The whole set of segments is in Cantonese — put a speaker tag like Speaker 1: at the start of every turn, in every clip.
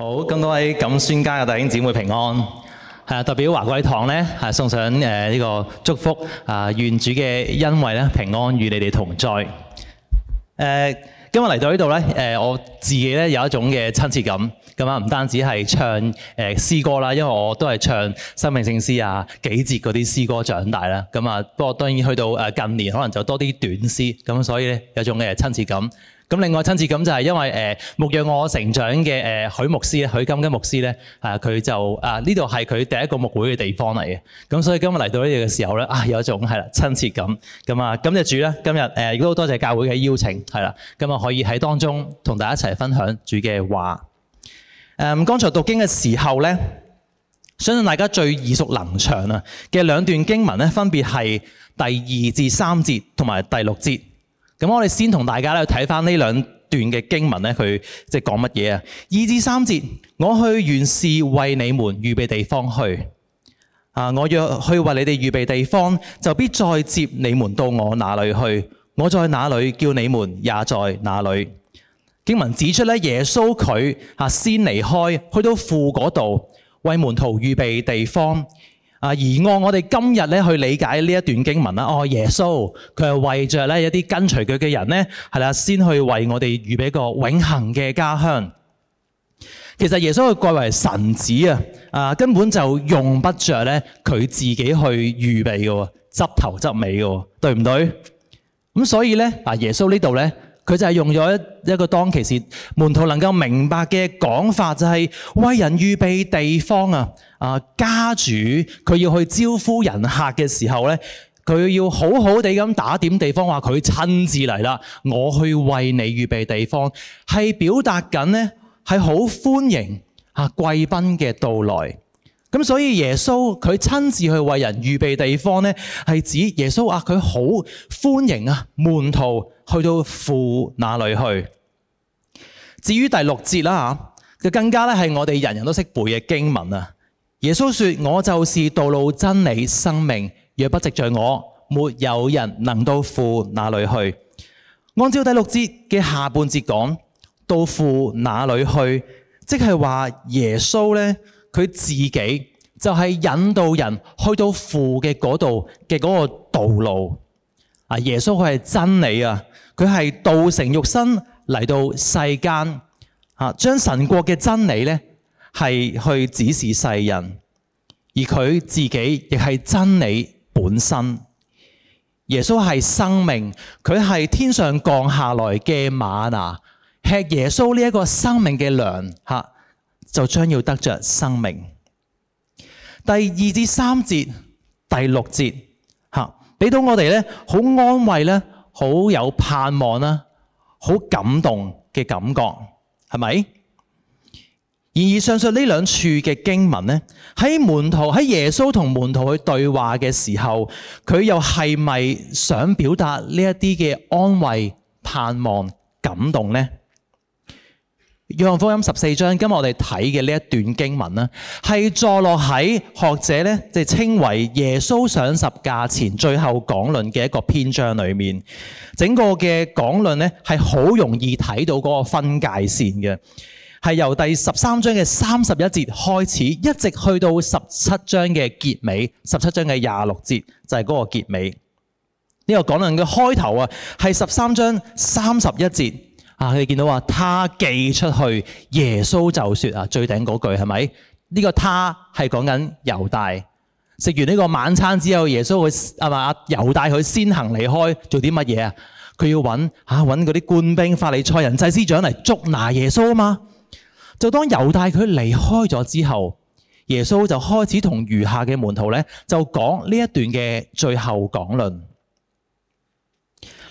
Speaker 1: 好，咁多位錦孫家嘅弟兄姊妹平安，係啊，代表華貴堂咧，係送上誒呢個祝福啊，願主嘅恩惠咧平安與你哋同在。誒，今日嚟到呢度咧，誒我自己咧有一種嘅親切感，咁啊，唔單止係唱誒詩歌啦，因為我都係唱生命聖詩啊幾節嗰啲詩歌長大啦，咁啊，不過當然去到誒近年可能就多啲短詩，咁所以咧有一種嘅親切感。咁另外親切感就係因為誒牧養我成長嘅誒許牧師咧，許金嘅牧師咧，啊佢就啊呢度係佢第一個牧會嘅地方嚟嘅，咁所以今日嚟到呢度嘅時候咧，啊有一種係啦親切感，咁啊咁就主啦今日誒亦都多謝教會嘅邀請，係啦，咁、嗯、啊可以喺當中同大家一齊分享主嘅話。誒、嗯、剛才讀經嘅時候咧，相信大家最耳熟能詳啊嘅兩段經文咧，分別係第二至三節同埋第六節。咁我哋先同大家咧睇返呢兩段嘅經文咧，佢即係講乜嘢啊？二至三節，我去原是為你們預備地方去。啊，我若去為你哋預備地方，就必再來接你們到我那裏去。我在哪裏，叫你們也在哪裏。經文指出咧，耶穌佢啊先離開，去到父嗰度為門徒預備地方。啊！而按我哋今日呢去理解呢一段經文啦，哦，耶穌佢係為著呢一啲跟隨佢嘅人呢，係啦，先去為我哋預備一個永恆嘅家鄉。其實耶穌佢貴為神子啊，啊，根本就用不著呢佢自己去預備嘅喎，執頭執尾嘅喎，對唔對？咁所以呢，啊耶穌呢度呢。佢就係用咗一個個當其時門徒能夠明白嘅講法，就係為人預備地方啊！啊，家主佢要去招呼人客嘅時候呢，佢要好好地噉打點地方，話佢親自嚟啦，我去為你預備地方，係表達緊呢，係好歡迎啊貴賓嘅到來。咁所以耶穌佢親自去為人預備地方咧，係指耶穌啊，佢好歡迎啊門徒去到父那裏去。至於第六節啦吓就更加咧係我哋人人都識背嘅經文啊。耶穌說：我就是道路、真理、生命，若不藉著我，沒有人能到父那裏去。按照第六節嘅下半節講，到父那裏去，即係話耶穌咧。佢自己就係引導人去到父嘅嗰度嘅嗰個道路啊！耶穌佢係真理啊！佢係道成肉身嚟，到世間吓將神國嘅真理咧，係去指示世人，而佢自己亦係真理本身。耶穌係生命，佢係天上降下來嘅嗎哪。吃耶穌呢一個生命嘅糧吓。就將要得着生命。第二至三節、第六節，吓俾到我哋咧，好安慰咧，好有盼望啦，好感動嘅感覺，係咪？然而上述呢兩處嘅經文咧，喺門徒喺耶穌同門徒去對話嘅時候，佢又係咪想表達呢一啲嘅安慰、盼望、感動咧？約翰福音十四章，今日我哋睇嘅呢一段經文呢係坐落喺學者呢即係稱為耶穌上十架前最後講論嘅一個篇章裏面。整個嘅講論呢係好容易睇到嗰個分界線嘅，係由第十三章嘅三十一節開始，一直去到十七章嘅結尾，十七章嘅廿六節就係嗰個結尾。呢個講論嘅開頭啊，係十三章三十一節。啊！你見到啊，他寄出去，耶穌就說啊，最頂嗰句係咪？呢個他係講緊猶大，食完呢個晚餐之後，耶穌佢係嘛？猶大佢先行離開，做啲乜嘢啊？佢要揾嚇揾嗰啲官兵法利賽人、祭司長嚟捉拿耶穌啊嘛！就當猶大佢離開咗之後，耶穌就開始同餘下嘅門徒咧，就講呢一段嘅最後講論。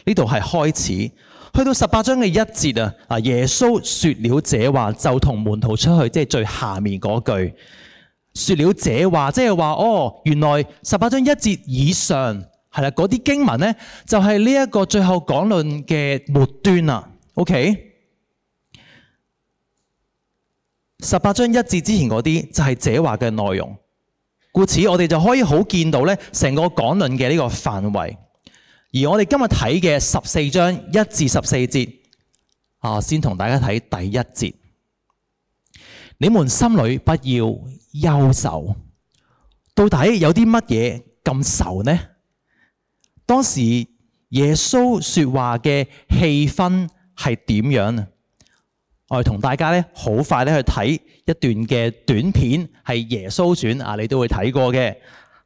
Speaker 1: 呢度係開始。去到十八章嘅一節啊，啊耶穌說了這話，就同門徒出去，即係最下面嗰句說了這話，即係話哦，原來十八章一節以上係啦嗰啲經文咧，就係呢一個最後講論嘅末端啦。OK，十八章一節之前嗰啲就係這話嘅內容，故此我哋就可以好見到咧，成個講論嘅呢個範圍。而我哋今日睇嘅十四章一至十四節，啊，先同大家睇第一節。你們心裏不要憂愁。到底有啲乜嘢咁愁呢？當時耶穌說話嘅氣氛係點樣啊？我哋同大家咧好快咧去睇一段嘅短片，係耶穌傳啊，你都會睇過嘅。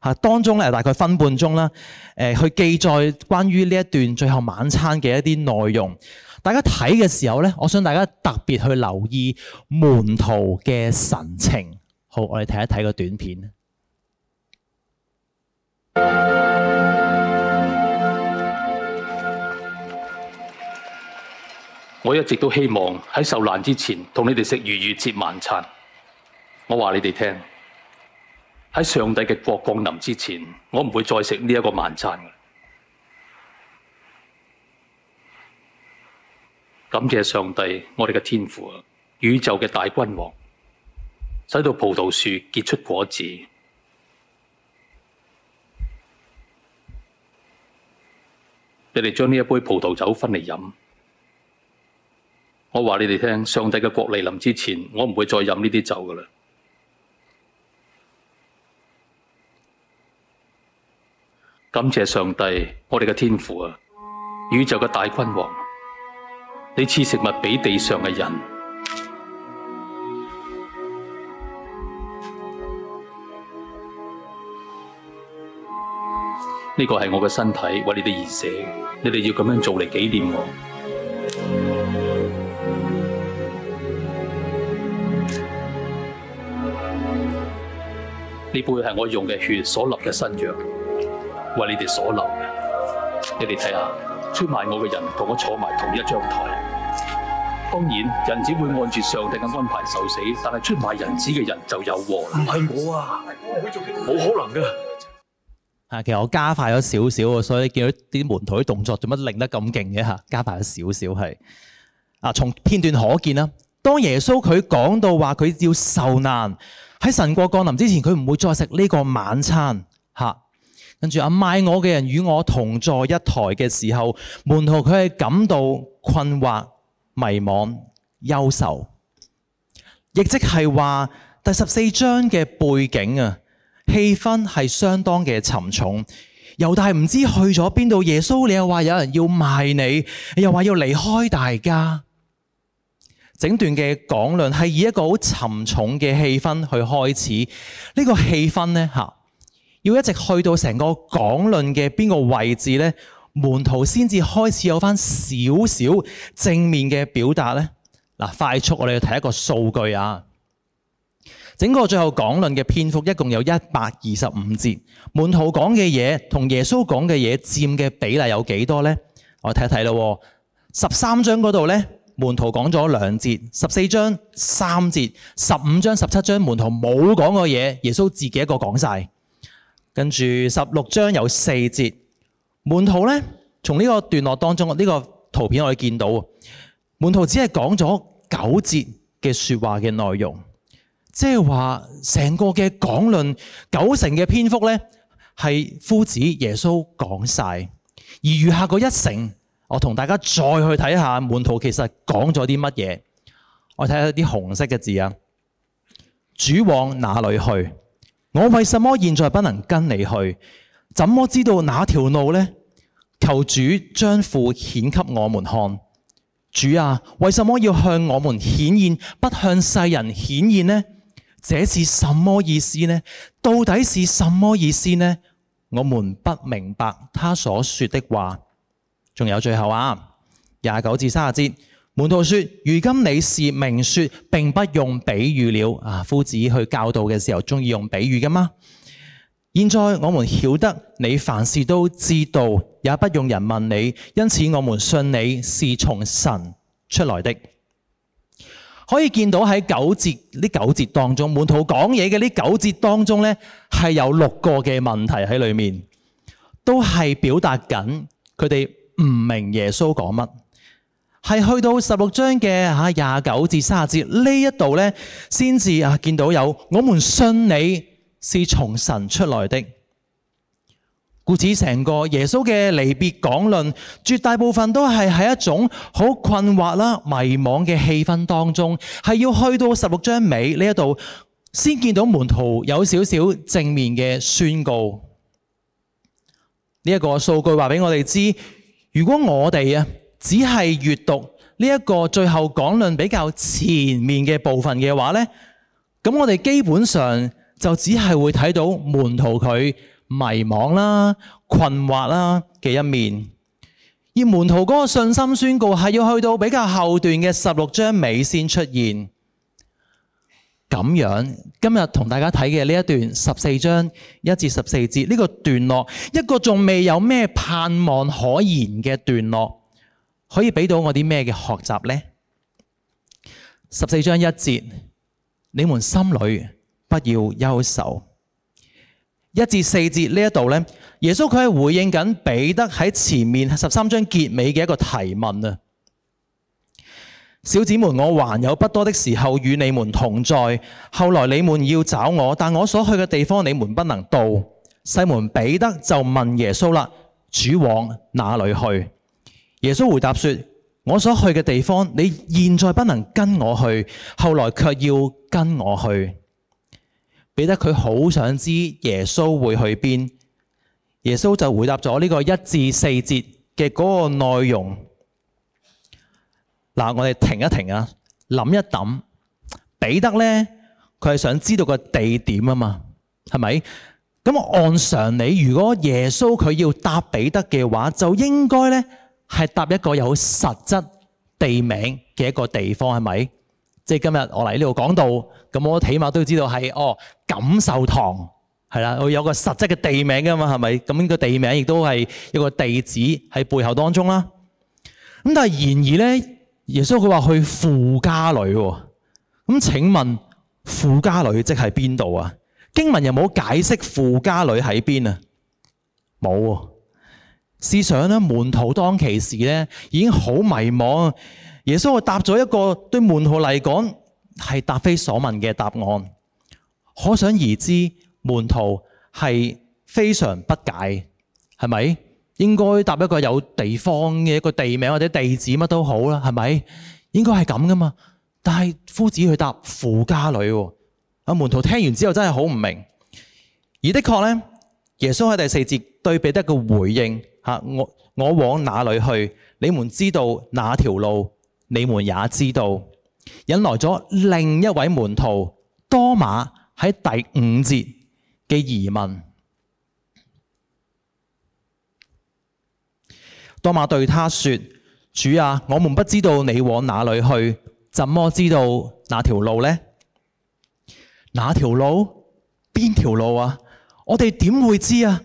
Speaker 1: 嚇，當中咧大概分半鐘啦，誒，去記載關於呢一段最後晚餐嘅一啲內容。大家睇嘅時候咧，我想大家特別去留意門徒嘅神情。好，我哋睇一睇個短片。
Speaker 2: 我一直都希望喺受難之前同你哋食逾越節晚餐，我話你哋聽。喺上帝嘅國降臨之前，我唔會再食呢一個晚餐。感謝上帝，我哋嘅天父，宇宙嘅大君王，使到葡萄樹結出果子。你哋將呢一杯葡萄酒分嚟飲。我話你哋聽，上帝嘅國來臨之前，我唔會再飲呢啲酒㗎喇。感謝上帝，我哋嘅天父啊，宇宙嘅大君王，你賜食物俾地上嘅人。呢個係我嘅身體為你哋而寫嘅，你哋要咁樣做嚟紀念我。呢杯係我用嘅血所立嘅新約，為你哋所留嘅，你哋睇下出賣我嘅人同我坐埋同一張台。當然，人子會按住上帝嘅安排受死，但係出賣人子嘅人就有禍。唔係我啊，冇、哎、呀可能嘅。
Speaker 1: 啊，其實我加快咗少少啊，所以你見到啲門徒啲動作做乜擰得咁勁嘅吓？加快咗少少係啊。從片段可見啦，當耶穌佢講到話佢要受難，喺神國降臨之前，佢唔會再食呢個晚餐吓。.跟住啊，賣我嘅人與我同坐一台嘅時候，門徒佢係感到困惑、迷茫、憂愁，亦即係話第十四章嘅背景啊，氣氛係相當嘅沉重。猶大唔知去咗邊度，耶穌你又話有人要賣你，你又話要離開大家，整段嘅講論係以一個好沉重嘅氣氛去開始。這個、氣呢個氣氛咧嚇。要一直去到成個講論嘅邊個位置呢？門徒先至開始有翻少少正面嘅表達呢。嗱，快速我哋去睇一個數據啊。整個最後講論嘅篇幅一共有一百二十五節，門徒講嘅嘢，同耶穌講嘅嘢佔嘅比例有幾多呢？我睇一睇咯。十三章嗰度呢，門徒講咗兩節，十四章三節，十五章十七章門徒冇講過嘢，耶穌自己一個講晒。跟住十六章有四節，門徒呢，從呢個段落當中，呢個圖片我可以見到，門徒只係講咗九節嘅說話嘅內容，即係話成個嘅講論九成嘅篇幅呢係夫子耶穌講晒，而餘下個一成，我同大家再去睇下門徒其實講咗啲乜嘢，我睇下啲紅色嘅字啊，主往哪裏去？我為什麼現在不能跟你去？怎麼知道那條路呢？求主將父顯給我們看。主啊，為什麼要向我們顯現，不向世人顯現呢？這是什麼意思呢？到底是什麼意思呢？我們不明白他所說的話。仲有最後啊，廿九至三十節。門徒說：如今你是明說，並不用比喻了。啊，夫子去教導嘅時候，中意用比喻的嘛？現在我們曉得你凡事都知道，也不用人問你，因此我們信你是從神出來的。可以見到喺九節呢，九節當中，門徒講嘢嘅呢九節當中呢，係有六個嘅問題喺裏面，都係表達緊佢哋唔明耶穌講乜。是去到十六章嘅吓廿九至三十節呢一度呢先至啊，見到有我們信你是從神出來的。故此成個耶穌嘅離別講論，絕大部分都是喺一種好困惑啦、迷惘嘅氣氛當中，是要去到十六章尾呢一度先見到門徒有少少正面嘅宣告。呢一個數據話俾我哋知，如果我哋啊，只係閱讀呢一個最後講論比較前面嘅部分嘅話呢，咁我哋基本上就只係會睇到門徒佢迷惘啦、困惑啦嘅一面，而門徒嗰個信心宣告係要去到比較後段嘅十六章尾先出現。咁樣，今日同大家睇嘅呢一段十四章一至十四節呢、呢個段落，一個仲未有咩盼望可言嘅段落。可以俾到我啲咩嘅學習呢？十四章一節，你們心裏不要憂愁。一至四節呢一度呢，耶穌佢係回應緊彼得喺前面十三章結尾嘅一個提問啊！小子們，我還有不多的時候與你們同在，後來你們要找我，但我所去嘅地方你們不能到。西門彼得就問耶穌啦：主往哪裏去？耶穌回答說：我所去嘅地方，你現在不能跟我去，後來卻要跟我去。彼得佢好想知耶穌會去邊。耶穌就回答咗呢個一至四節嘅嗰個內容。嗱，我哋停一停啊，諗一諗。彼得呢，佢係想知道個地點啊嘛，係咪？咁按常理，如果耶穌佢要答彼得嘅話，就應該呢。係搭一個有實質地名嘅一個地方，係咪？即係今日我嚟呢度講到，咁我起碼都知道係哦，感受堂係啦，我有個實質嘅地名噶嘛，係咪？咁呢個地名亦都係一個地址喺背後當中啦。咁但係然而咧，耶穌佢話去父家裡喎，咁請問父家裡即係邊度啊？經文有冇解釋父家裡喺邊啊？冇喎。思想咧，門徒當其時呢已經好迷茫。耶穌佢答咗一個對門徒嚟講係答非所問嘅答案，可想而知，門徒係非常不解，係咪？應該答一個有地方嘅一個地名或者地址乜都好啦，係咪？應該係咁噶嘛？但係夫子去答富家女喎，阿門徒聽完之後真係好唔明。而的確呢耶穌喺第四節對彼得一個回應。我往哪裏去？你們知道哪條路？你們也知道，引來咗另一位門徒多馬喺第五節嘅疑問。多馬對他說：「主啊，我們不知道你往哪裏去，怎麼知道哪條路呢？」「哪條路？邊條路啊？我哋點會知啊？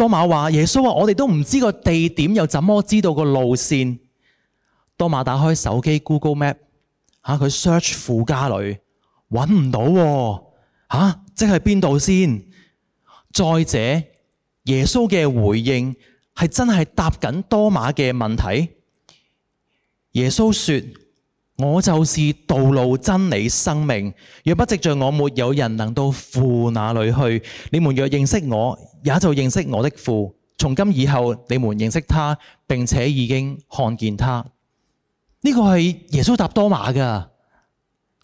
Speaker 1: 多馬話耶穌話、啊、我哋都唔知個地點，又怎麼知道個路線？多馬打開手機 Google Map，吓佢 search 父家裡，揾唔到，啊、吓、啊、即係邊度先？再者，耶穌嘅回應係真係答緊多馬嘅問題。耶穌說。我就是道路、真理、生命。若不藉著我，沒有人能到父那裏去。你們若認識我，也就認識我的父。從今以後，你們認識他，並且已經看見他。呢個係耶穌答多馬噶。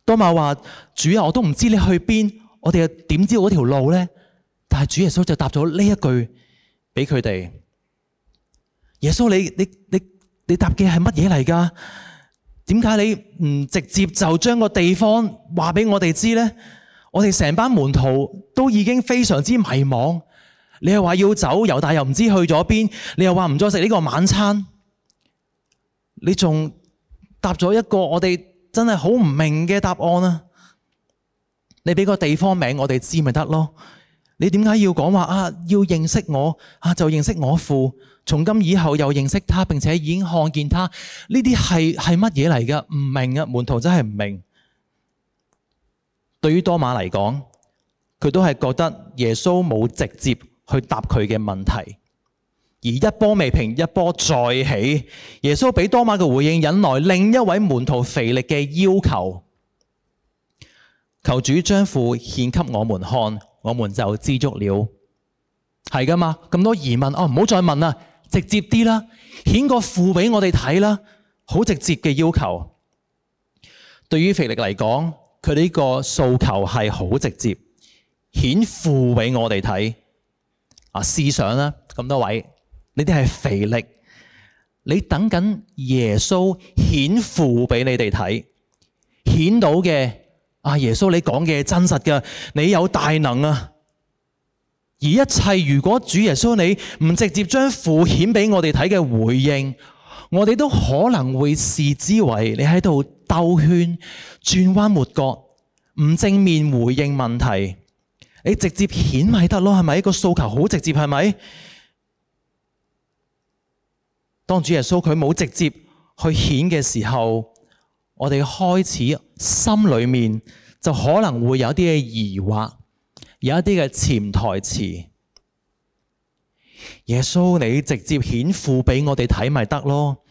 Speaker 1: 多馬話：主啊，我都唔知你去邊，我哋又點知嗰條路呢？但係主耶穌就答咗呢一句俾佢哋。耶穌，你你你你答嘅係乜嘢嚟噶？點解你唔直接就將個地方話俾我哋知呢？我哋成班門徒都已經非常之迷茫。你又話要走，又大又唔知去咗邊。你又話唔再食呢個晚餐。你仲答咗一個我哋真係好唔明嘅答案啊！你俾個地方名我哋知咪得咯？你點解要講話啊？要認識我啊？就認識我父。從今以後又認識他，並且已經看見他。呢啲係係乜嘢嚟噶？唔明啊！門徒真係唔明。對於多馬嚟講，佢都係覺得耶穌冇直接去答佢嘅問題，而一波未平一波再起。耶穌俾多馬嘅回應引來另一位門徒腓力嘅要求：求主將父顯給我們看。我們就知足了，係㗎嘛？咁多疑問哦，唔好再問啦，直接啲啦，顯個父俾我哋睇啦，好直接嘅要求。對於腓力來講，佢呢個訴求係好直接，顯父俾我哋睇啊，思想啦，咁多位，你哋係腓力，你等緊耶穌顯父俾你哋睇顯到嘅阿、啊、耶穌，你講嘅真實㗎，你有大能啊！而一切如果主耶穌你唔直接將顯俾我哋睇嘅回應，我哋都可能會視之為你喺度兜圈、轉彎抹角，唔正面回應問題。你直接顯咪得咯，係咪？呢個訴求好直接，係咪？當主耶穌佢冇直接去顯嘅時候。我哋開始心裏面就可能會有啲嘅疑惑，有一啲嘅潛台詞。耶穌，你直接顯父俾我哋睇咪得咯？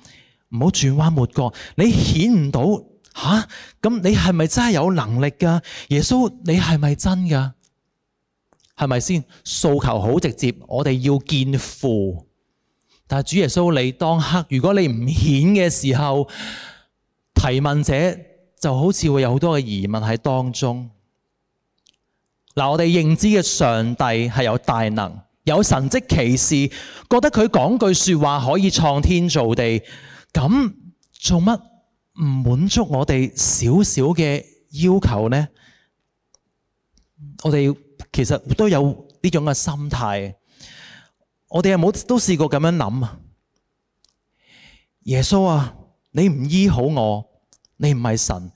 Speaker 1: 唔好轉彎抹角。你顯唔到吓？咁你係咪真係有能力噶？耶穌你是是，你係咪真噶？係咪先，訴求好直接？我哋要見父。但係主耶穌，你當刻，如果你唔顯嘅時候。提問者就好似會有好多嘅疑問喺當中。嗱，我哋認知嘅上帝係有大能，有神蹟奇事，覺得佢講句說話可以創天造地，咁做乜唔滿足我哋少少嘅要求呢？我哋其實都有呢種嘅心態，我哋有冇都試過咁樣諗。耶穌啊，你唔醫好我？你唔係神，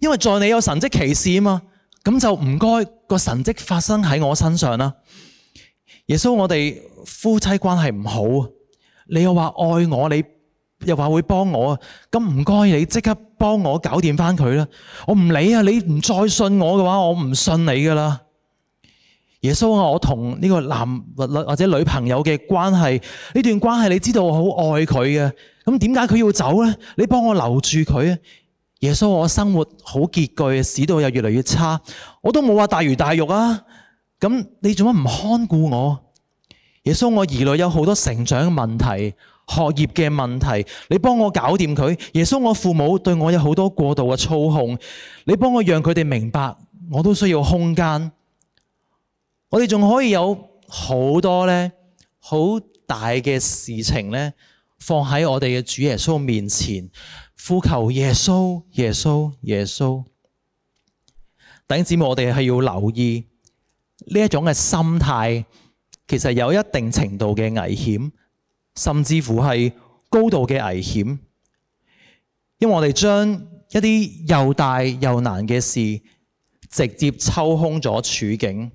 Speaker 1: 因為在你有神蹟奇事啊嘛，咁就唔該個神蹟發生喺我身上啦。耶穌，我哋夫妻關係唔好，你又話愛我，你又話會幫我，咁唔該你即刻幫我搞掂返佢啦。我唔理啊，你唔再信我嘅話，我唔信你㗎喇。耶穌啊，我同呢個男或或者女朋友嘅關係，呢段關係你知道我好愛佢嘅，咁點解佢要走咧？你幫我留住佢啊！耶穌，我生活好拮據，使到我越嚟越差，我都冇話大魚大肉啊。咁你做乜唔看顧我？耶穌，我兒女有好多成長嘅問題、學業嘅問題，你幫我搞掂佢。耶穌，我父母對我有好多過度嘅操控，你幫我讓佢哋明白，我都需要空間。我哋仲可以有好多呢，好大嘅事情呢，放喺我哋嘅主耶穌面前。呼求耶穌，耶穌，耶穌。弟兄姊妹，我哋係要留意呢種嘅心態，其實有一定程度嘅危險，甚至乎係高度嘅危險，因為我哋將一啲又大又難嘅事直接抽空咗，處境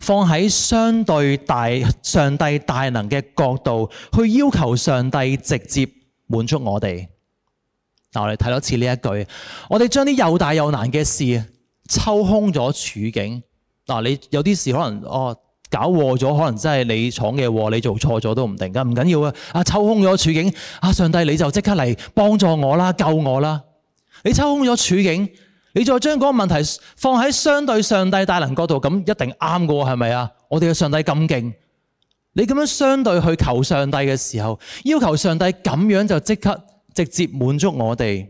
Speaker 1: 放喺相對大上帝大能嘅角度去要求上帝直接滿足我哋。嗱，我哋睇多次呢一句，我哋將啲又大又難嘅事抽空咗處境。嗱，你有啲事可能哦搞禍咗，可能真係你闖嘅禍，你做錯咗都唔定㗎。唔緊要啊，啊抽空咗處境，啊上帝你就即刻嚟幫助我啦，救我啦。你抽空咗處境，你再將嗰個問題放喺相對上帝大能角度，咁一定啱嘅喎，係咪啊？我哋嘅上帝咁勁，你咁樣相對去求上帝嘅時候，要求上帝咁樣就即刻，直接滿足我哋，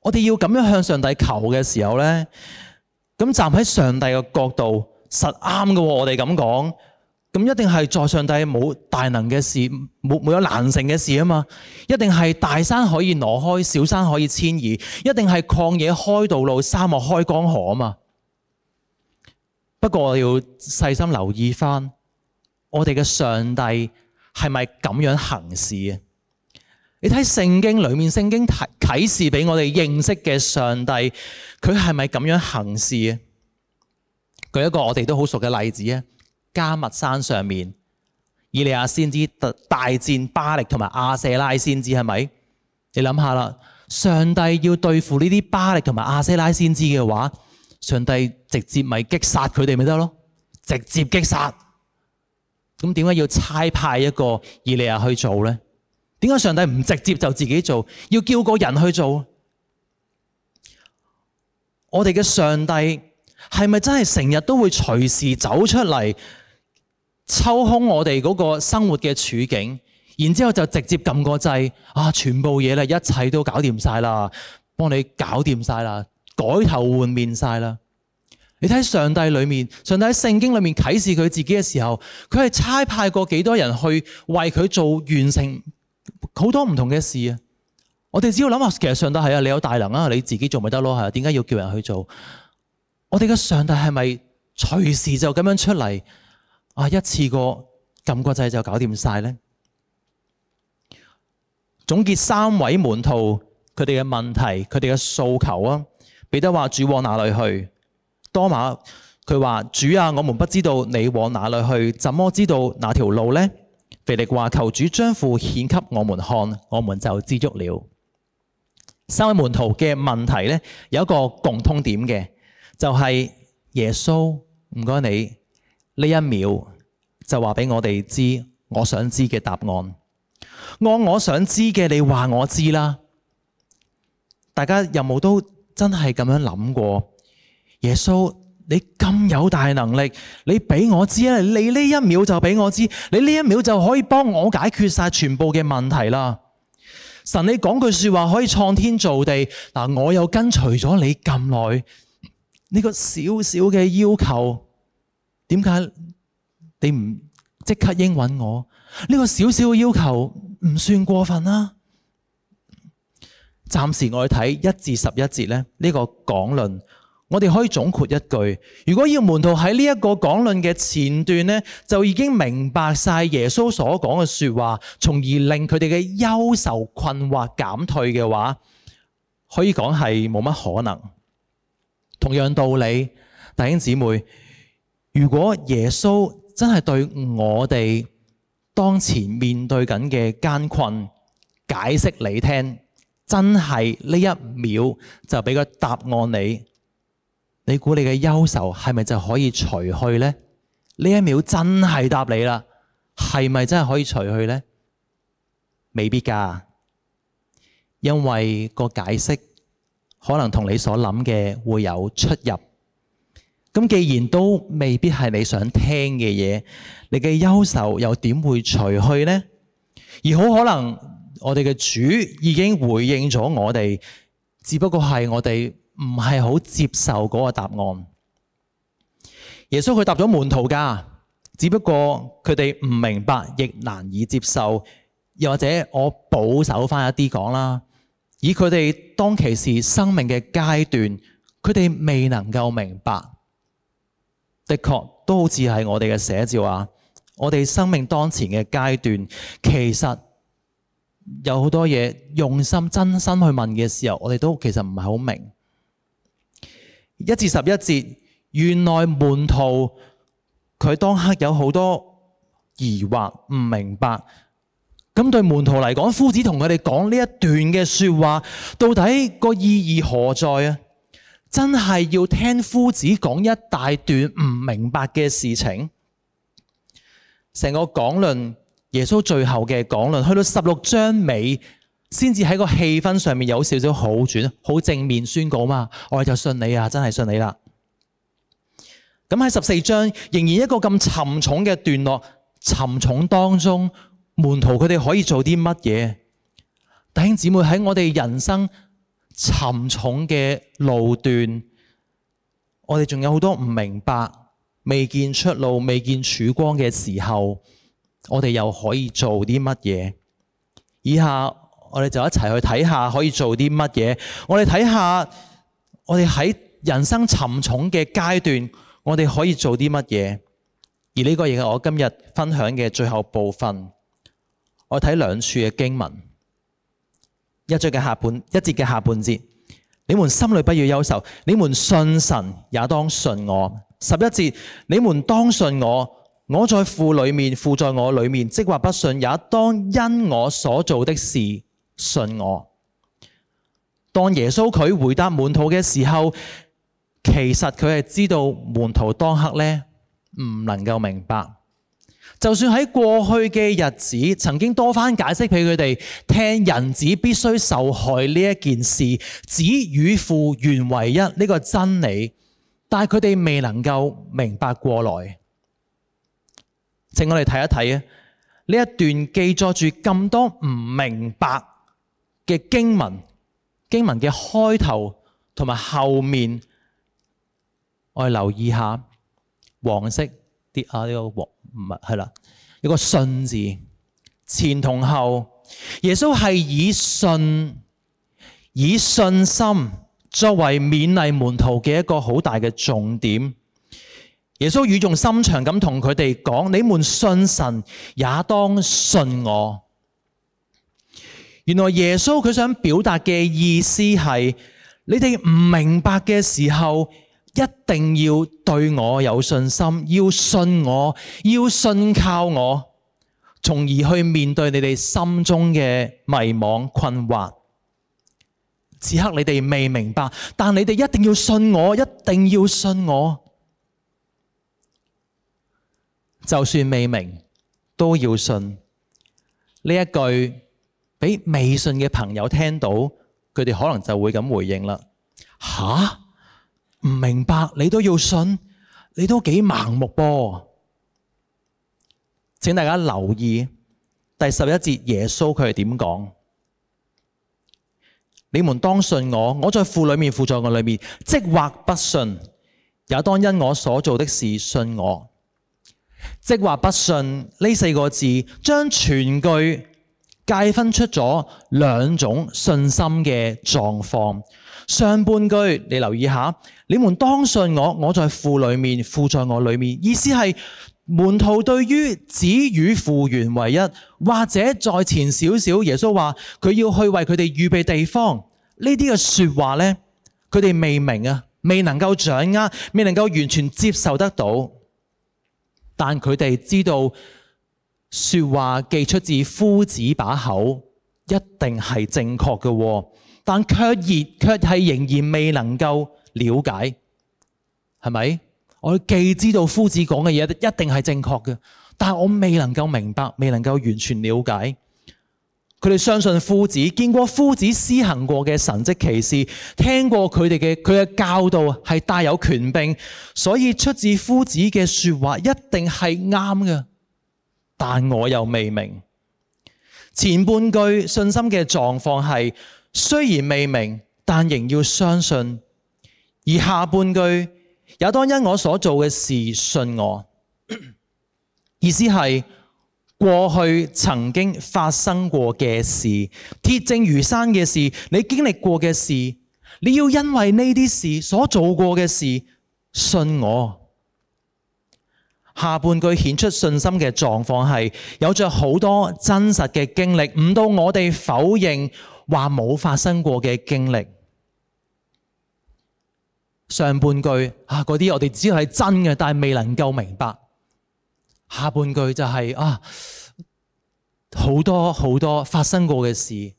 Speaker 1: 我哋要咁樣向上帝求嘅時候咧，咁站喺上帝嘅角度，實啱嘅。我哋咁講，咁一定係在上帝冇大能嘅事，冇冇有難成嘅事啊嘛？一定係大山可以挪開，小山可以遷移，一定係曠野開道路，沙漠開江河啊嘛。不過我要細心留意翻，我哋嘅上帝係咪咁樣行事啊？你睇聖經裏面，聖經啟啟示俾我哋認識嘅上帝，佢係咪咁樣行事啊？舉一個我哋都好熟嘅例子啊，迦密山上面，以利亞先知大戰巴力同埋亞舍拉先知係咪？你諗下啦，上帝要對付呢啲巴力同埋亞舍拉先知嘅話，上帝直接咪擊殺佢哋咪得咯？直接擊殺。咁點解要差派一個以利亞去做咧？點解上帝唔直接就自己做，要叫個人去做？我哋嘅上帝係咪真係成日都會隨時走出嚟抽空我哋嗰個生活嘅處境，然之後就直接撳個掣啊！全部嘢啦，一切都搞掂晒啦，幫你搞掂晒啦，改頭換面晒啦。你睇上帝裏面，上帝喺聖經裏面啟示佢自己嘅時候，佢係差派過幾多人去為佢做完成。好多唔同嘅事啊！我哋只要諗下，其實上帝係啊，你有大能啊，你自己做咪得咯？係啊，點解要叫人去做？我哋嘅上帝係咪隨時就咁樣出嚟啊？一次過撳個掣就搞掂晒咧？總結三位門徒佢哋嘅問題，佢哋嘅訴求啊，彼得話主往哪裏去？多馬佢話主啊，我們不知道你往哪裏去，怎麼知道那條路咧？腓力話：求主將父顯給我們看，我們就知足了。三位門徒嘅問題呢，有一個共通點嘅，就係耶穌，唔該你呢一秒就話畀我哋知，我想知嘅答案。按我想知嘅，你話我知啦。大家有冇都真係噉樣諗過？耶穌？你咁有大能力，你俾我知，你呢一秒就俾我知，你呢一秒就可以幫我解決晒全部嘅問題啦！神你，你講句說話可以創天造地嗱，我又跟隨咗你咁耐，呢個小小嘅要求，點解你唔即刻應允我？呢個小小嘅要求唔算過分啦。暫時我哋睇一至十一節咧，呢個講論。我哋可以總括一句，如果要門徒喺呢一個講論嘅前段呢，就已經明白曬耶穌所講嘅說話，從而令佢哋嘅憂愁困惑減退嘅話，可以講係冇乜可能。同樣道理，弟兄姊妹，如果耶穌真係對我哋當前面對緊嘅艱困解釋你聽，真係呢一秒就俾個答案你。你估你嘅憂愁係咪就可以除去呢？呢一秒真係答你啦，係咪真係可以除去呢？未必噶，因為個解釋可能同你所諗嘅會有出入。咁既然都未必係你想聽嘅嘢，你嘅憂愁又點會除去呢？而好可能我哋嘅主已經回應咗我哋，只不過係我哋。唔係好接受嗰個答案。耶穌佢答咗門徒㗎，只不過佢哋唔明白，亦難以接受。又或者我保守翻一啲講啦，以佢哋當其時生命嘅階段，佢哋未能夠明白。的確，都好似係我哋嘅寫照啊！我哋生命當前嘅階段，其實有好多嘢用心、真心去問嘅時候，我哋都其實唔係好明。一至十一節，原來門徒佢當刻有好多疑惑、唔明白。咁對門徒嚟講，夫子同佢哋講呢一段嘅說話，到底個意義何在啊？真係要聽夫子講一大段唔明白嘅事情。成個講論，耶穌最後嘅講論，去到十六章尾。先至喺個氣氛上面有少少好轉，好正面宣告嘛。我哋就信你啊，真係信你啦。咁喺十四章仍然一個咁沉重嘅段落，沉重當中，門徒佢哋可以做啲乜嘢？弟兄姊妹喺我哋人生沉重嘅路段，我哋仲有好多唔明白、未見出路、未見曙光嘅時候，我哋又可以做啲乜嘢？以下。我哋就一齊去睇下可以做啲乜嘢。我哋睇下，我哋喺人生沉重嘅階段，我哋可以做啲乜嘢？而呢個亦係我今日分享嘅最後部分。我睇兩處嘅經文，一章嘅下半，一節嘅下半節。你們心裏不要憂愁，你們信神也當信我。十一節，你們當信我，我在父裏面，父在我裏面。即或不信，也當因我所做的事。信我。當耶穌佢回答門徒嘅時候，其實佢係知道門徒當刻呢唔能夠明白。就算喺過去嘅日子，曾經多番解釋俾佢哋聽，人子必須受害呢一件事，子與父原為一呢個真理，但係佢哋未能夠明白過來。請我哋睇一睇啊，呢一段記載住咁多唔明白。嘅經文，經文嘅開頭同埋後面，我哋留意一下黃色啲啊，呢、這個黃唔係、係啦，有、這個信字前同後，耶穌係以信以信心作為勉勵門徒嘅一個好大嘅重點。耶穌語重心長咁同佢哋講：你們信神也當信我。原來耶穌佢想表達嘅意思係：「你哋唔明白嘅時候，一定要對我有信心，要信我，要信靠我，從而去面對你哋心中嘅迷茫困惑。」此刻你哋未明白，但你哋一定要信我，一定要信我，就算未明都要信呢一句。俾未信嘅朋友聽到，佢哋可能就會咁回應啦。吓？唔明白你都要信，你都幾盲目噃？請大家留意第十一節，耶穌佢係點講？你們當信我，我在父裏面，父在我裏面。即或不信，也當因我所做的事信我。即或不信呢四個字，將全句，界分出咗兩種信心嘅狀況。上半句你留意下，你們當信我，我在父裏面，父在我裏面。意思係門徒對於子與父原為一，或者再前少少，耶穌話佢要去為佢哋預備地方。呢啲嘅說話呢，佢哋未明啊，未能夠掌握，未能夠完全接受得到。但佢哋知道。說話既出自夫子把口，一定係正確嘅。但卻亦卻係仍然未能夠了解，係咪？我既知道夫子講嘅嘢，一定係正確嘅，但係我未能夠明白，未能夠完全了解。佢哋相信夫子，見過夫子施行過嘅神蹟奇事，聽過佢哋嘅佢嘅教導係帶有權柄，所以出自夫子嘅說話一定係啱嘅。但我又未明，前半句信心嘅狀況係雖然未明，但仍要相信；而下半句也當因我所做嘅事信我。意思係過去曾經發生過嘅事、鐵證如山嘅事、你經歷過嘅事，你要因為呢啲事所做過嘅事信我。下半句顯出信心嘅狀況係有着好多真實嘅經歷，唔到我哋否認話冇發生過嘅經歷。上半句啊，嗰啲我哋知道係真嘅，但係未能夠明白。下半句就係、是、啊，好多好多發生過嘅事，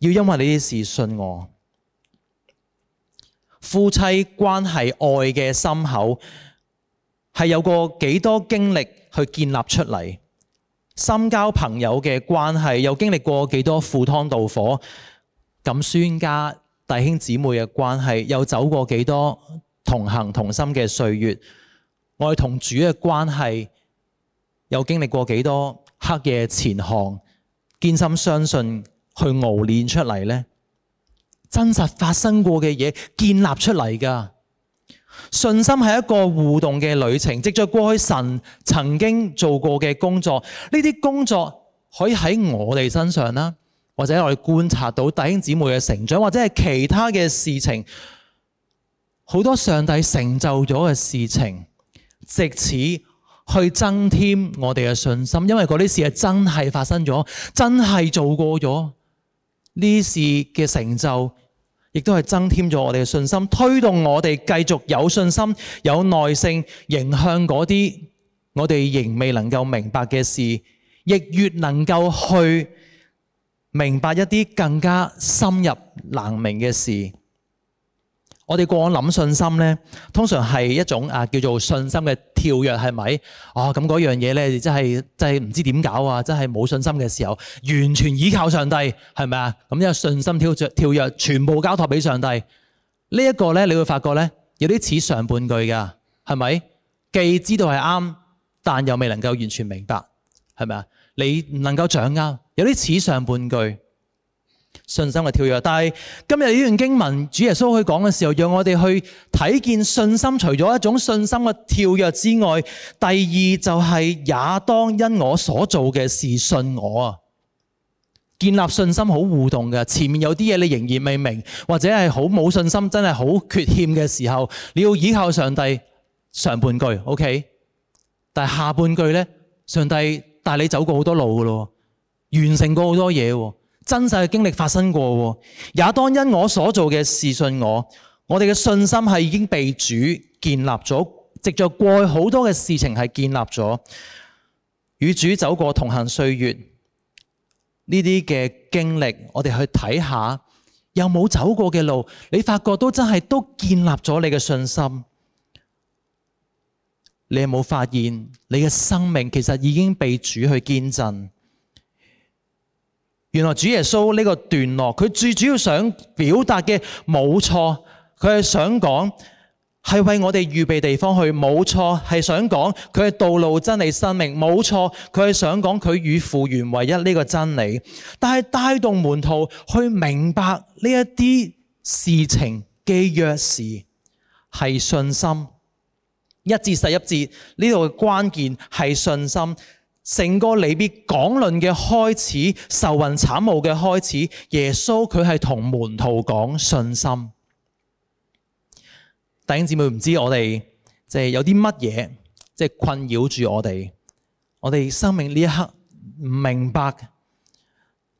Speaker 1: 要因為呢啲事信我。夫妻關係愛嘅心口。是有過幾多經歷去建立出嚟深交朋友嘅關係，又經歷過幾多赴湯蹈火，咁孫家弟兄姊妹嘅關係，又走過幾多同行同心嘅歲月，我哋同主嘅關係，又經歷過幾多黑夜前行，堅心相信去熬練出嚟呢，真實發生過嘅嘢建立出嚟㗎。信心係一個互動嘅旅程，藉着過去神曾經做過嘅工作，呢啲工作可以喺我哋身上啦，或者我哋觀察到弟兄姊妹嘅成長，或者係其他嘅事情，好多上帝成就咗嘅事情，藉此去增添我哋嘅信心，因為嗰啲事係真係發生咗，真係做過咗呢事嘅成就。亦都係增添咗我哋嘅信心，推動我哋繼續有信心、有耐性，迎向嗰啲我哋仍未能夠明白嘅事，亦越能夠去明白一啲更加深入難明嘅事。我哋過往諗信心咧，通常係一種啊，叫做信心嘅跳躍，係咪？啊咁嗰樣嘢咧，真係真係唔知點搞啊！真係冇信心嘅時候，完全依靠上帝，係咪啊？咁呢個信心跳著跳躍，全部交託俾上帝。呢一個咧，你會發覺咧，有啲似上半句噶，係咪？既知道係啱，但又未能夠完全明白，係咪啊？你唔能夠掌握，有啲似上半句。信心嘅跳躍，但係今日呢段經文，主耶穌佢講嘅時候，讓我哋去睇見信心除咗一種信心嘅跳躍之外，第二就係也當因我所做嘅事信我啊！建立信心好互動㗎，前面有啲嘢你仍然未明，或者係好冇信心，真係好缺欠嘅時候，你要依靠上帝上半句，OK，但係下半句呢，上帝帶你走過好多路喇喎，完成過好多嘢喎。真實嘅經歷發生過，也當因我所做嘅事信我。我哋嘅信心係已經被主建立咗，藉著過去好多嘅事情係建立咗與主走過同行歲月呢啲嘅經歷。我哋去睇下，有冇走過嘅路，你發覺都真係都建立咗你嘅信心。你有冇發現你嘅生命其實已經被主去堅壯？原來主耶穌呢個段落，佢最主要想表達嘅冇錯，佢係想講係為我哋預備地方去，冇錯係想講佢係道路真理生命，冇錯佢係想講佢與父原為一呢個真理，但係帶動門徒去明白呢一啲事情嘅約時係信心，一至十一節呢度嘅關鍵係信心。成個離別講論嘅開始，愁雲慘霧嘅開始，耶穌佢係同門徒講信心。弟兄姊妹，唔知我哋即係有啲乜嘢，即係困擾住我哋，我哋生命呢一刻唔明白，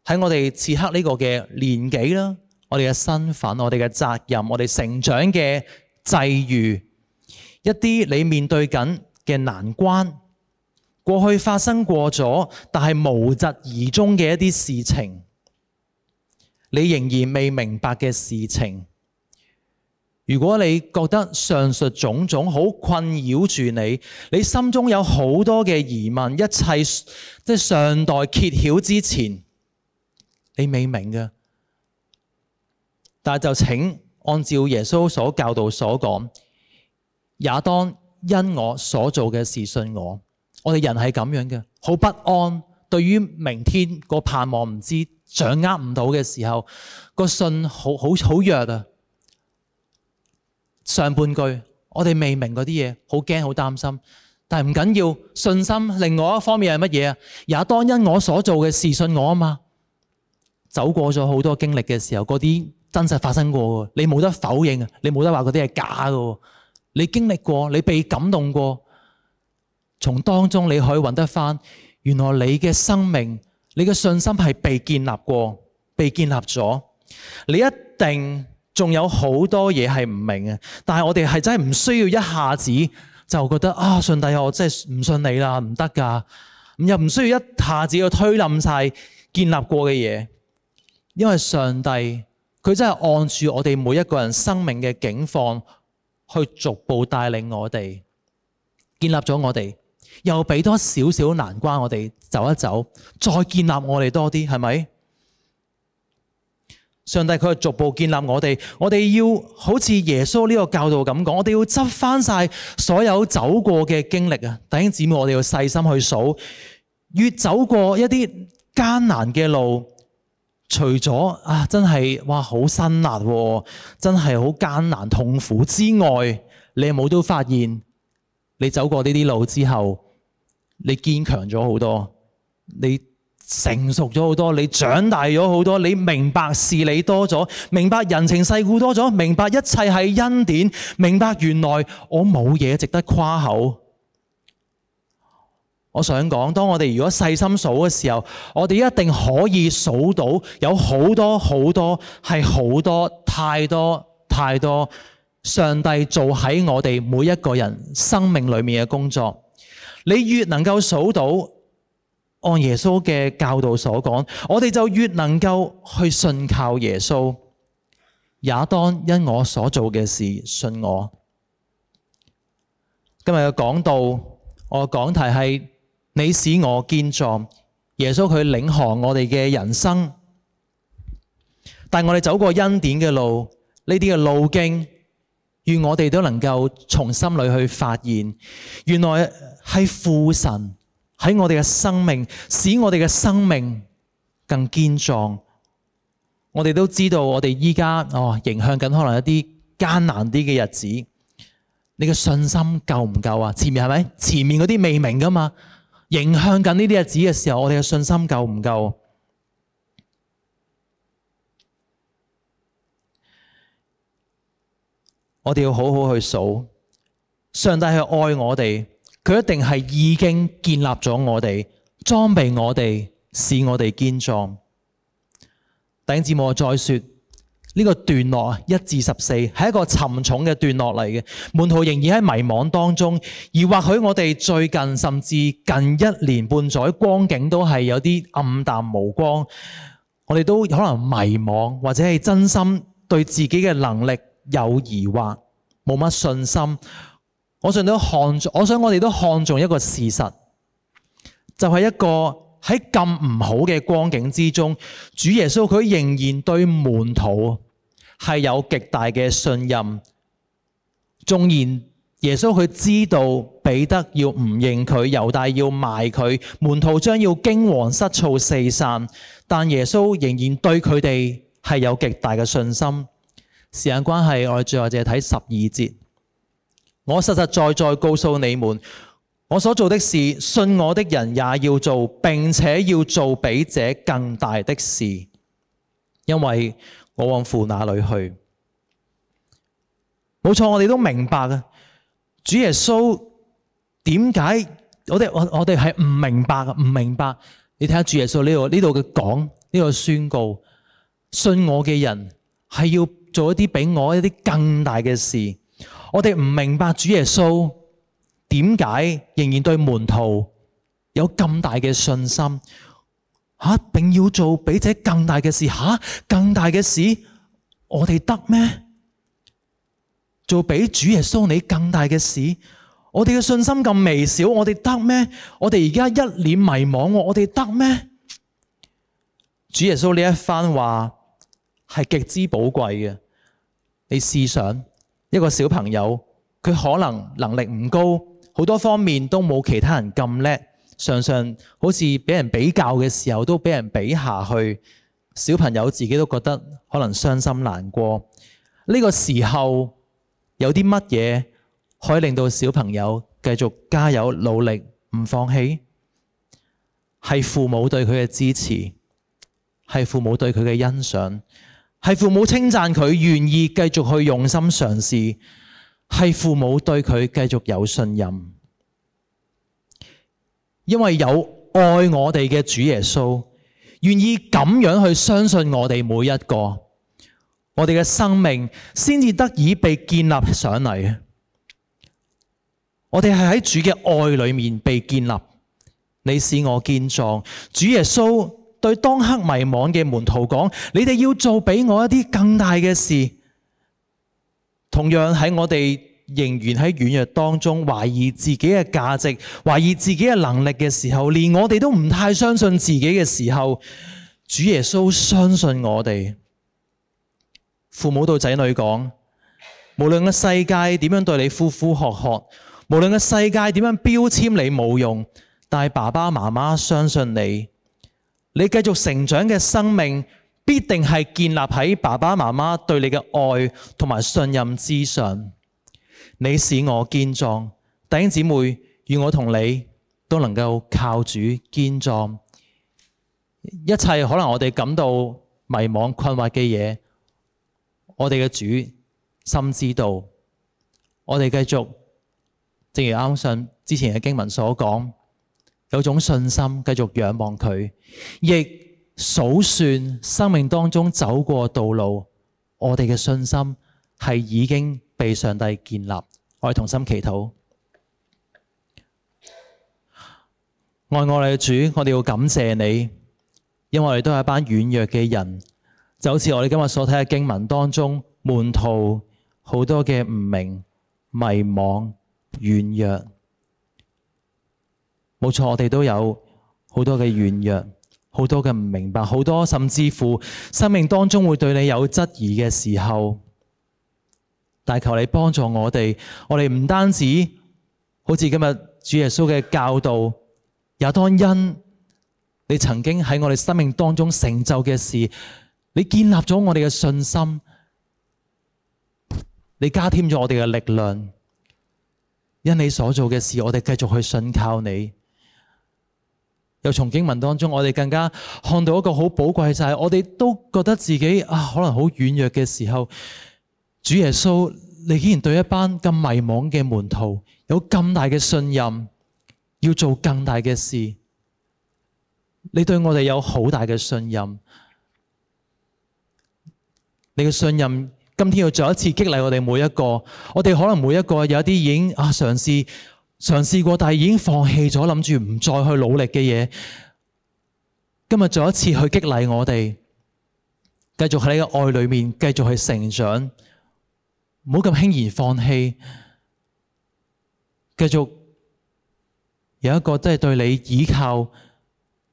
Speaker 1: 喺我哋此刻呢個嘅年紀啦，我哋嘅身份、我哋嘅責任、我哋成長嘅際遇，一啲你面對緊嘅難關。過去發生過咗，但係無疾而終嘅一啲事情，你仍然未明白嘅事情。如果你覺得上述種種好困擾住你，你心中有好多嘅疑問，一切即係、就是、尚待揭曉之前，你未明㗎。但係就請按照耶穌所教導所講，也當因我所做嘅事信我。我哋人係咁樣嘅，好不安，對於明天個盼望唔知掌握唔到嘅時候，個信好好好弱啊。上半句我哋未明嗰啲嘢，好驚好擔心，但唔緊要緊，信心另外一方面係乜嘢？也當因我所做嘅事信我啊嘛。走過咗好多經歷嘅時候，嗰啲真實發生過，你冇得否認，你冇得話嗰啲係假㗎。你經歷過，你被感動過。從當中你可以揾得翻，原來你嘅生命、你嘅信心係被建立過、被建立咗。你一定仲有好多嘢係唔明嘅，但係我哋係真係唔需要一下子就覺得啊，上帝我真係唔信你啦，唔得㗎」，又唔需要一下子就推冧晒建立過嘅嘢，因為上帝佢真係按住我哋每一個人生命嘅境況去逐步帶領我哋，建立咗我哋。又俾多少少難關我哋走一走，再建立我哋多啲，係咪？上帝佢係逐步建立我哋，我哋要好似耶穌呢個教導咁講，我哋要執翻晒所有走過嘅經歷啊！弟兄姊妹，我哋要細心去數，越走過一啲艱難嘅路，除咗啊真係哇好辛辣，真係好艱難痛苦之外，你有冇都發現？你走過呢啲路之後，你堅強咗好多，你成熟咗好多，你長大咗好多，你明白事理多咗，明白人情世故多咗，明白一切係恩典，明白原來我冇嘢值得誇口。我想講，當我哋如果細心數嘅時候，我哋一定可以數到有好多好多，係好多太多太多。太多上帝做喺我哋每一個人生命裏面嘅工作，你越能夠數到按耶穌嘅教導所講，我哋就越能夠去信靠耶穌。也當因我所做嘅事信我。今日嘅講道，我嘅講題係祢使我堅壯，耶穌佢領航我哋嘅人生，但我哋走過恩典嘅路，呢啲嘅路徑。願我哋都能夠從心裏去發現，原來係父神喺我哋嘅生命，使我哋嘅生命更堅壯。我哋都知道我們現在，我哋依家哦，迎向緊可能一啲艱難啲嘅日子。你嘅信心夠唔夠啊？前面係咪？前面嗰啲未明㗎嘛？迎向緊呢啲日子嘅時候，我哋嘅信心夠唔夠？我哋要好好去數，上帝係愛我哋，佢一定係已經建立咗我哋，裝備我哋，使我哋堅壯。第二節我再說呢、這個段落一至十四係一個沉重嘅段落嚟嘅，門徒仍然喺迷茫當中，而或許我哋最近甚至近一年半載光景都係有啲暗淡無光，我哋都可能迷茫或者係真心對自己嘅能力。有疑惑、冇乜信心，我看，我想我哋都看重一個事實，就係、是、一個喺咁唔好嘅光景之中，主耶穌佢仍然對門徒係有極大嘅信任。縱然耶穌佢知道彼得要唔認佢，猶大要賣佢，門徒將要驚惶失措四散，但耶穌仍然對佢哋係有極大嘅信心。時間關係，我哋最後淨係睇十二節。我實實在在告訴你們，我所做的事，信我的人也要做，並且要做比這更大的事，因為我往父那裡去。冇錯，我哋都明白㗎。主耶穌點解我哋我哋係唔明白㗎？唔明白。你睇下主耶穌呢度呢度嘅講呢個宣告，信我嘅人係要。做一啲比我一啲更大嘅事，我哋唔明白主耶穌點解仍然對門徒有咁大嘅信心，啊，吓並要做比這更大嘅事，吓、啊、更大嘅事，我哋得咩？做比主耶穌你更大嘅事，我哋嘅信心咁微小，我哋得咩？我哋而家一臉迷惘，我哋得咩？主耶穌呢一番話係極之寶貴嘅。你試想一個小朋友，佢可能能力唔高，好多方面都冇其他人咁叻，常常好似俾人比較嘅時候都俾人比下去，小朋友自己都覺得可能傷心難過。呢個時候有啲乜嘢可以令到小朋友繼續加油努力唔放棄？係父母對佢嘅支持，係父母對佢嘅欣賞。係父母稱讚佢願意繼續去用心嘗試，係父母對佢繼續有信任。因為有愛我哋嘅主耶穌，願意噉樣去相信我哋每一個，我哋嘅生命先至得以被建立上嚟。我哋係喺主嘅愛裏面被建立，祢使我堅壯，主耶穌。對當刻迷惘嘅門徒講：你哋要做俾我一啲更大嘅事。同樣喺我哋仍然喺軟弱當中懷疑自己嘅價值、懷疑自己嘅能力嘅時候，連我哋都唔太相信自己嘅時候，主耶穌相信我哋。父母對仔女講：無論個世界點樣對你呼呼喝喝，無論個世界點樣標籤你冇用，但係爸爸媽媽相信你。你繼續成長嘅生命，必定係建立喺爸爸媽媽對你嘅愛同埋信任之上。你使我堅壯，弟兄姊妹，願我同你都能夠靠主堅壯。一切可能我哋感到迷茫困惑嘅嘢，我哋嘅主心知道。我哋繼續，正如啱先之前嘅經文所講。有種信心繼續仰望佢，亦數算生命當中走過道路，我哋嘅信心係已經被上帝建立。我哋同心祈禱，愛我哋嘅主，我哋要感謝你，因為我哋都係一班軟弱嘅人，就好似我哋今日所睇嘅經文當中，門徒好多嘅唔明、迷茫、軟弱。冇錯，我哋都有好多嘅軟弱，好多嘅唔明白，好多甚至乎生命當中會對你有質疑嘅時候，但求你幫助我哋。我哋唔單止好似今日主耶穌嘅教導，也當因你曾經喺我哋生命當中成就嘅事，你建立咗我哋嘅信心，你加添咗我哋嘅力量，因你所做嘅事，我哋繼續去信靠你。又從經文當中，我哋更加看到一個好寶貴嘅就係，我哋都覺得自己啊，可能好軟弱嘅時候，主耶穌，你竟然對一班咁迷茫嘅門徒有咁大嘅信任，要做更大嘅事，你對我哋有好大嘅信任，你嘅信任，今天要再一次激勵我哋每一個，我哋可能每一個有一啲已經啊嘗試。嘗試過，但是已經放棄咗，諗住唔再去努力嘅嘢。今日再一次去激勵我哋，繼續喺你嘅愛裏面繼續去成長，唔好咁輕易放棄。繼續有一個真係對你依靠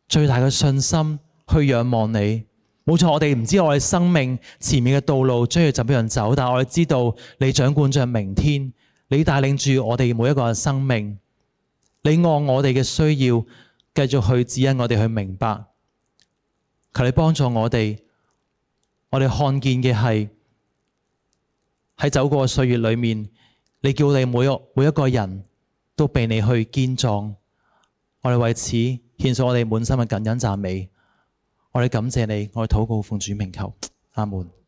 Speaker 1: 最大嘅信心，去仰望你。冇錯，我哋唔知道我哋生命前面嘅道路將要怎樣走，但我哋知道你掌管着明天。你帶領住我哋每一個生命，你按我哋嘅需要繼續去指引我哋去明白。求你幫助我哋，我哋看見嘅係喺走過嘅歲月裏面，你叫我哋每每一個人都被你去堅壯。我哋為此獻上我哋滿心嘅感恩讚美。我哋感謝你，我哋禱告奉主名求，阿門。